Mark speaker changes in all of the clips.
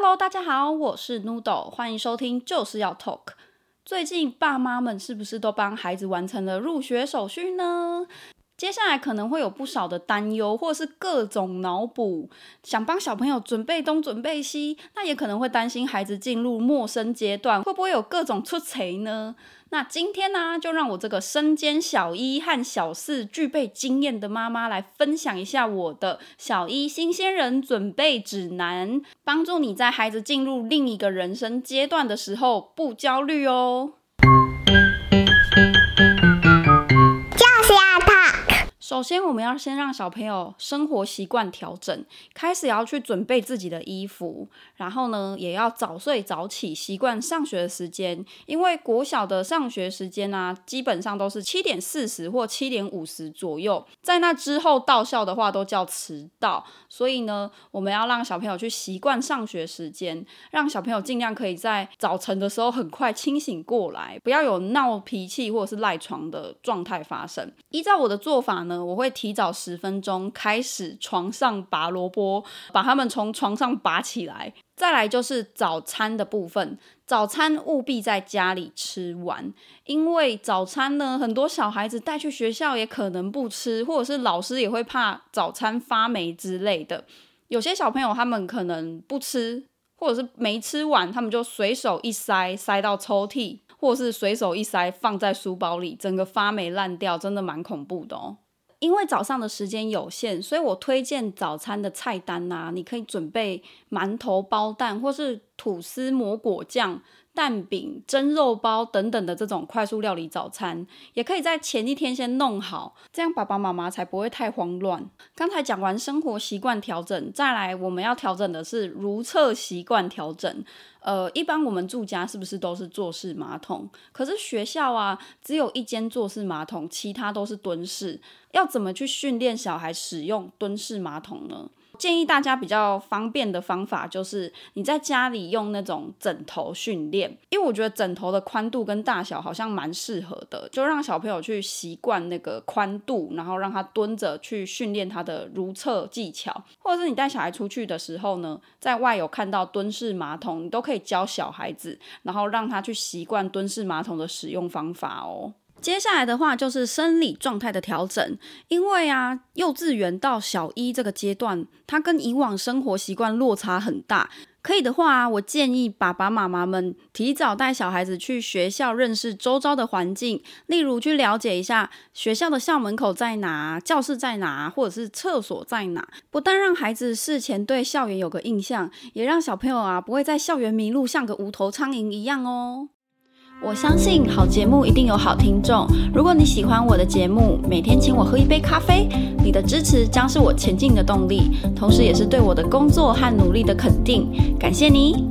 Speaker 1: Hello，大家好，我是 Noodle，歡迎收聽，就是要 Talk。最近爸媽們是不是都幫孩子完成了入學手續呢？接下來可能會有不少的擔憂，或是各種腦補，想幫小朋友準備東準備西，那也可能會擔心孩子進入陌生階段會不會有各種出錯呢？那今天呢、啊，就讓我這個身兼小一和小四具備經驗的媽媽來分享一下我的小一新鮮人準備指南，幫助你在孩子進入另一個人生階段的時候不焦慮哦。嗯嗯嗯嗯首先，我們要先讓小朋友生活習慣調整，開始要去準備自己的衣服，然後呢，也要早睡早起，習慣上學的時間。因為國小的上學時間呢、啊，基本上都是七點四十或七點五十左右，在那之後到校的話都叫遲到。所以呢，我們要讓小朋友去習慣上學時間，讓小朋友盡量可以在早晨的時候很快清醒過來，不要有鬧脾氣或者是賴床的狀態發生。依照我的做法呢。我會提早十分鐘開始床上拔蘿蔔，把它們從床上拔起來。再來就是早餐的部分，早餐務必在家裡吃完，因為早餐呢，很多小孩子帶去學校也可能不吃，或者是老師也會怕早餐發霉之類的。有些小朋友他們可能不吃，或者是沒吃完，他們就隨手一塞，塞到抽屜，或者是隨手一塞放在書包裡，整個發霉爛掉，真的蠻恐怖的哦。因為早上的時間有限，所以我推薦早餐的菜單吶、啊，你可以準備饅頭包蛋，或是吐司抹果醬。蛋餅、蒸肉包等等的這種快速料理早餐，也可以在前一天先弄好，這樣爸爸媽媽才不會太慌亂。剛才講完生活習慣調整，再來我們要調整的是如廁習慣調整。呃，一般我們住家是不是都是坐式馬桶？可是學校啊，只有一間坐式馬桶，其他都是蹲式。要怎麼去訓練小孩使用蹲式馬桶呢？建議大家比較方便的方法就是你在家裡用那種枕頭訓練，因為我覺得枕頭的寬度跟大小好像蠻適合的，就讓小朋友去習慣那個寬度，然後讓他蹲着去訓練他的如廁技巧，或者是你帶小孩出去的時候呢，在外有看到蹲式馬桶，你都可以教小孩子，然後讓他去習慣蹲式馬桶的使用方法哦。接下來的話就是生理狀態的調整，因為啊，幼稚園到小一這個階段，它跟以往生活習慣落差很大。可以的話啊，我建議爸爸媽媽們提早帶小孩子去學校認識周遭的環境，例如去了解一下學校的校門口在哪、教室在哪，或者是廁所在哪。不但讓孩子事前對校園有個印象，也讓小朋友啊不會在校園迷路，像個無頭蒼蠅一樣哦。我相信好節目一定有好聽眾。如果你喜歡我的節目，每天請我喝一杯咖啡，你的支持將是我前進的動力，同時也是對我的工作和努力的肯定。感謝你。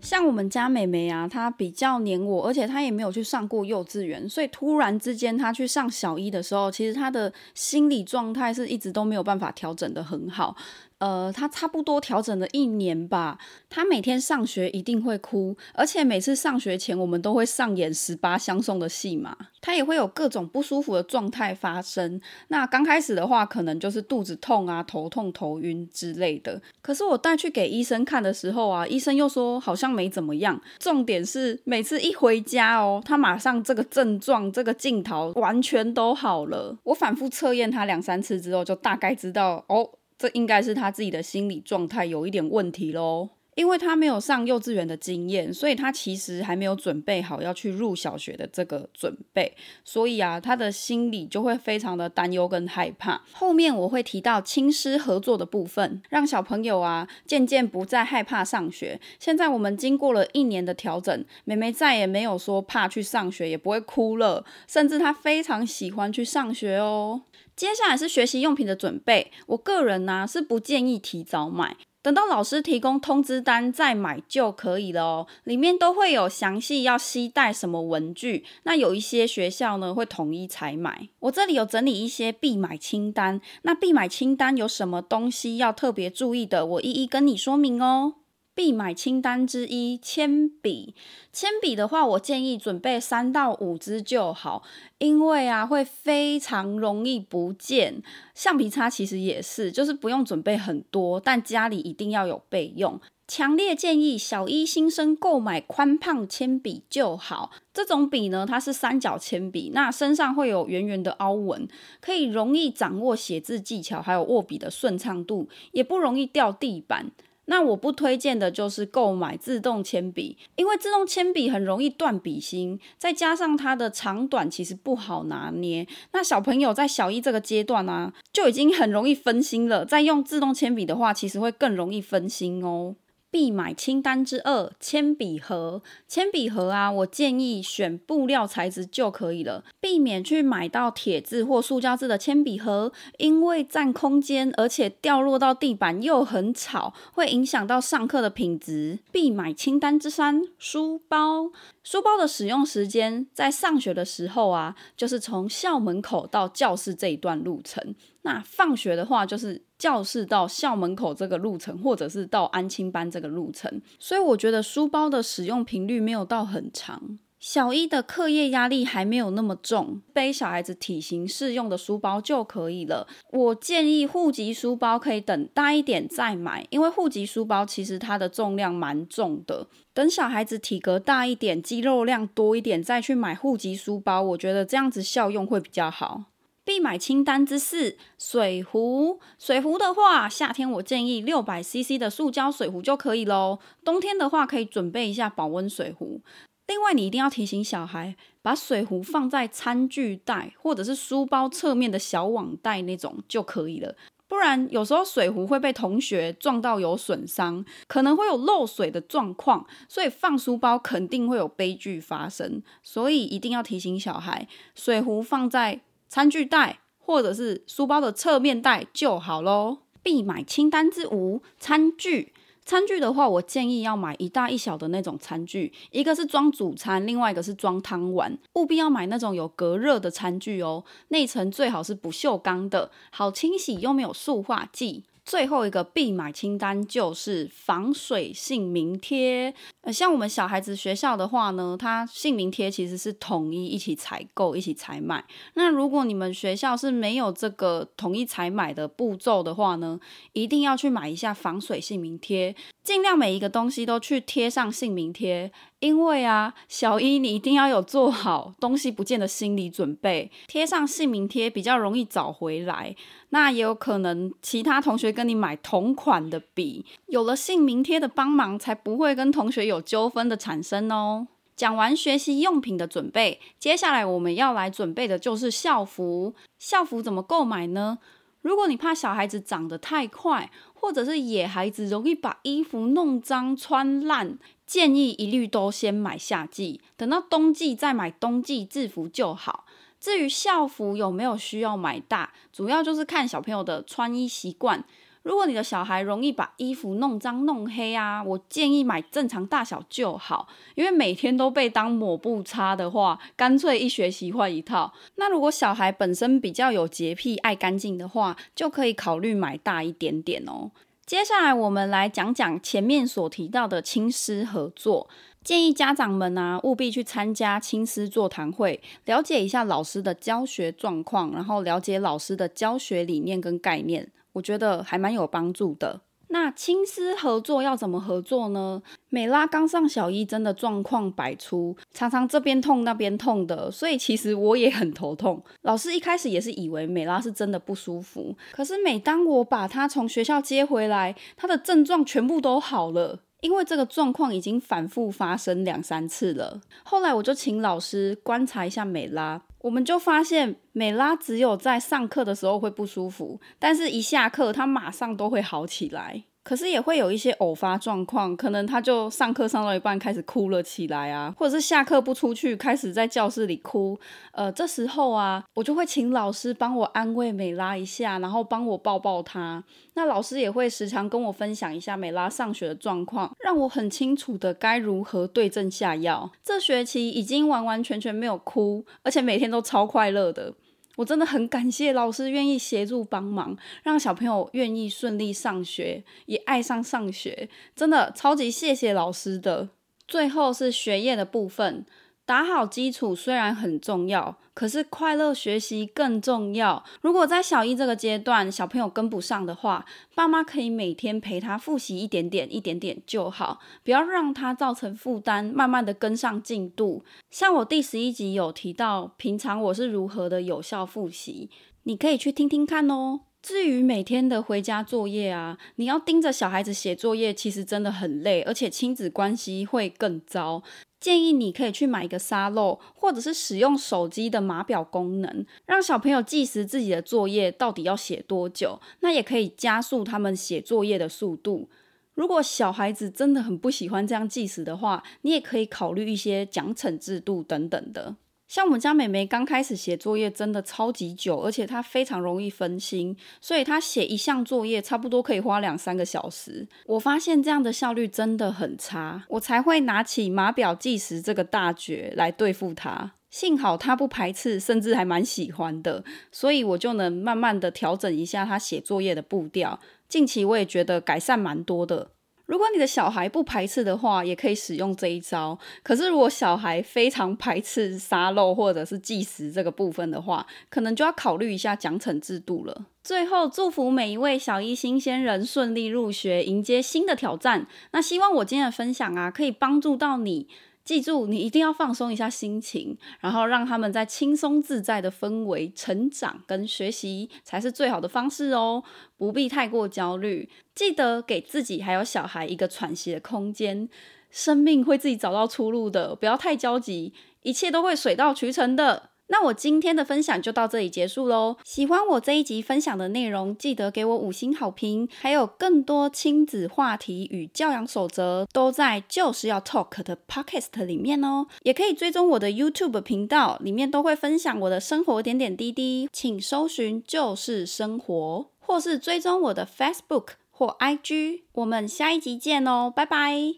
Speaker 1: 像我們家妹妹啊，她比較黏我，而且她也沒有去上過幼稚園，所以突然之間她去上小一的時候，其實她的心理狀態是一直都沒有辦法調整得很好。呃，他差不多調整了一年吧。他每天上學一定會哭，而且每次上學前，我們都會上演十八相送的戲碼。他也會有各種不舒服的狀態發生。那剛開始的話，可能就是肚子痛啊、頭痛、頭暈之類的。可是我帶去給醫生看的時候啊，醫生又說好像沒怎麼樣。重點是每次一回家哦，他馬上這個症狀、這個鏡頭完全都好了。我反覆測驗他兩三次之後，就大概知道哦。這應該是他自己的心理狀態有一點問題咯。因為他沒有上幼稚園的經驗，所以他其實還沒有準備好要去入小學的這個準備，所以啊，他的心裡就會非常的擔憂跟害怕。後面我會提到親師合作的部分，讓小朋友啊漸漸不再害怕上學。現在我們經過了一年的調整，妹妹再也沒有說怕去上學，也不會哭了，甚至她非常喜歡去上學哦。接下來是學習用品的準備，我個人呢，啊，是不建議提早買。等到老師提供通知單再買就可以了哦，裡面都會有詳細要攜帶什麼文具。那有一些學校呢，會統一採買，我這裡有整理一些必買清單。那必買清單有什麼東西要特別注意的，我一一跟你說明哦。必買清單之一：鉛筆。鉛筆的話，我建議準備三到五支就好，因為啊，會非常容易不見。橡皮擦其實也是，就是不用準備很多，但家裡一定要有備用。強烈建議小一新生購買寬胖鉛筆就好。這種筆呢，它是三角鉛筆，那身上會有圓圓的凹紋，可以容易掌握寫字技巧，還有握筆的順暢度，也不容易掉地板。那我不推薦的就是購買自動鉛筆，因為自動鉛筆很容易斷筆芯，再加上它的長短其實不好拿捏。那小朋友在小一這個階段呢、啊，就已經很容易分心了，再用自動鉛筆的話，其實會更容易分心哦。必買清單之二：鉛筆盒。鉛筆盒啊，我建議選布料材質就可以了，避免去買到鐵製或塑膠製的鉛筆盒，因為佔空間，而且掉落到地板又很吵，會影響到上課的品質。必買清單之三：書包。書包的使用時間在上學的時候啊，就是從校門口到教室這一段路程。那放學的話，就是教室到校門口這個路程，或者是到安親班這個路程，所以我覺得書包的使用頻率沒有到很長。小一的課業壓力還沒有那麼重，背小孩子體型適用的書包就可以了。我建議護脊書包可以等大一點再買，因為護脊書包其實它的重量蠻重的。等小孩子體格大一點，肌肉量多一點，再去買護脊書包，我覺得這樣子效用會比較好。必買清單之四：水壺。水壺的話，夏天我建議六百 CC 的塑膠水壺就可以咯。冬天的話，可以準備一下保溫水壺。另外，你一定要提醒小孩把水壺放在餐具袋或者是書包側面的小網袋那種就可以了。不然，有時候水壺會被同學撞到有損傷，可能會有漏水的狀況，所以放書包肯定會有悲劇發生。所以一定要提醒小孩，水壺放在餐具袋或者是書包的側面袋就好嘍。必買清單之五：餐具。餐具的話，我建議要買一大一小的那種餐具，一個是裝主餐，另外一個是裝湯碗。務必要買那種有隔熱的餐具哦，內層最好是不鏽鋼的，好清洗又沒有塑化劑。最後一個必買清單就是防水姓名貼。呃，像我們小孩子學校的話呢，它姓名貼其實是統一一起採購、一起採買。那如果你們學校是沒有這個統一採買的步驟的話呢，一定要去買一下防水姓名貼，儘量每一個東西都去貼上姓名貼。因為啊，小一你一定要有做好東西不見的心理準備，貼上姓名貼比較容易找回來。那也有可能其他同學跟你買同款的筆，有了姓名貼的幫忙，才不會跟同學有糾紛的產生哦。講完學習用品的準備，接下來我們要來準備的就是校服。校服怎麼購買呢？如果你怕小孩子長得太快，或者是野孩子容易把衣服弄髒、穿爛，建議一律都先買夏季，等到冬季再買冬季制服就好。至於校服有沒有需要買大，主要就是看小朋友的穿衣習慣。如果你的小孩容易把衣服弄髒弄黑啊，我建議買正常大小就好，因為每天都被當抹布擦的話，乾脆一學期換一套。那如果小孩本身比較有潔癖、愛乾淨的話，就可以考慮買大一點點哦。接下來我們來講講前面所提到的親師合作，建議家長們啊務必去參加親師座談會，了解一下老師的教學狀況，然後了解老師的教學理念跟概念。我覺得還蠻有幫助的。那親師合作要怎麼合作呢？美拉剛上小一，真的狀況百出，常常這邊痛那邊痛的，所以其實我也很頭痛。老師一開始也是以為美拉是真的不舒服，可是每當我把她從學校接回來，她的症狀全部都好了，因為這個狀況已經反覆發生兩三次了。後來我就請老師觀察一下美拉。我們就發現，美拉只有在上課的時候會不舒服，但是一下課，她馬上都會好起來。可是也會有一些偶發狀況，可能他就上課上到一半開始哭了起來啊，或者是下課不出去，開始在教室裡哭。呃，這時候啊，我就會請老師幫我安慰美拉一下，然後幫我抱抱他。那老師也會時常跟我分享一下美拉上學的狀況，讓我很清楚的該如何對症下藥。這學期已經完完全全沒有哭，而且每天都超快樂的。我真的很感謝老師願意協助幫忙，讓小朋友願意順利上學，也愛上上學。真的超級謝謝老師的。最後是學業的部分。打好基礎雖然很重要，可是快樂學習更重要。如果在小一這個階段小朋友跟不上的話，爸媽可以每天陪他複習一點點、一點點就好，不要讓他造成負擔，慢慢的跟上進度。像我第十一集有提到，平常我是如何的有效複習，你可以去聽聽看哦。至於每天的回家作業啊，你要盯着小孩子寫作業，其實真的很累，而且親子關係會更糟。建議你可以去買一個沙漏，或者是使用手機的碼表功能，讓小朋友計時自己的作業到底要寫多久，那也可以加速他們寫作業的速度。如果小孩子真的很不喜歡這樣計時的話，你也可以考慮一些獎懲制度等等的。像我們家妹妹剛開始寫作業真的超級久，而且她非常容易分心，所以她寫一項作業差不多可以花兩三個小時。我發現這樣的效率真的很差，我才會拿起碼表計時這個大絕來對付她。幸好她不排斥，甚至還蠻喜歡的，所以我就能慢慢的調整一下她寫作業的步調。近期我也覺得改善蠻多的。如果你的小孩不排斥的話，也可以使用這一招。可是如果小孩非常排斥沙漏或者是計時這個部分的話，可能就要考慮一下獎懲制度了。最後，祝福每一位小一新鮮人順利入學，迎接新的挑戰。那希望我今天的分享啊，可以幫助到你。記住，你一定要放鬆一下心情，然後讓他們在輕鬆自在的氛圍成長跟學習才是最好的方式哦。不必太過焦慮，記得給自己還有小孩一個喘息的空間，生命會自己找到出路的。不要太焦急，一切都會水到渠成的。那我今天的分享就到這裡結束嘍。喜歡我這一集分享的內容，記得給我五星好評。還有更多親子話題與教養守則，都在就是要 Talk 的 Podcast 裡面哦。也可以追蹤我的 YouTube 頻道，裡面都會分享我的生活點點滴滴，請搜尋就是生活，或是追蹤我的 Facebook 或 IG。我們下一集見哦，拜拜。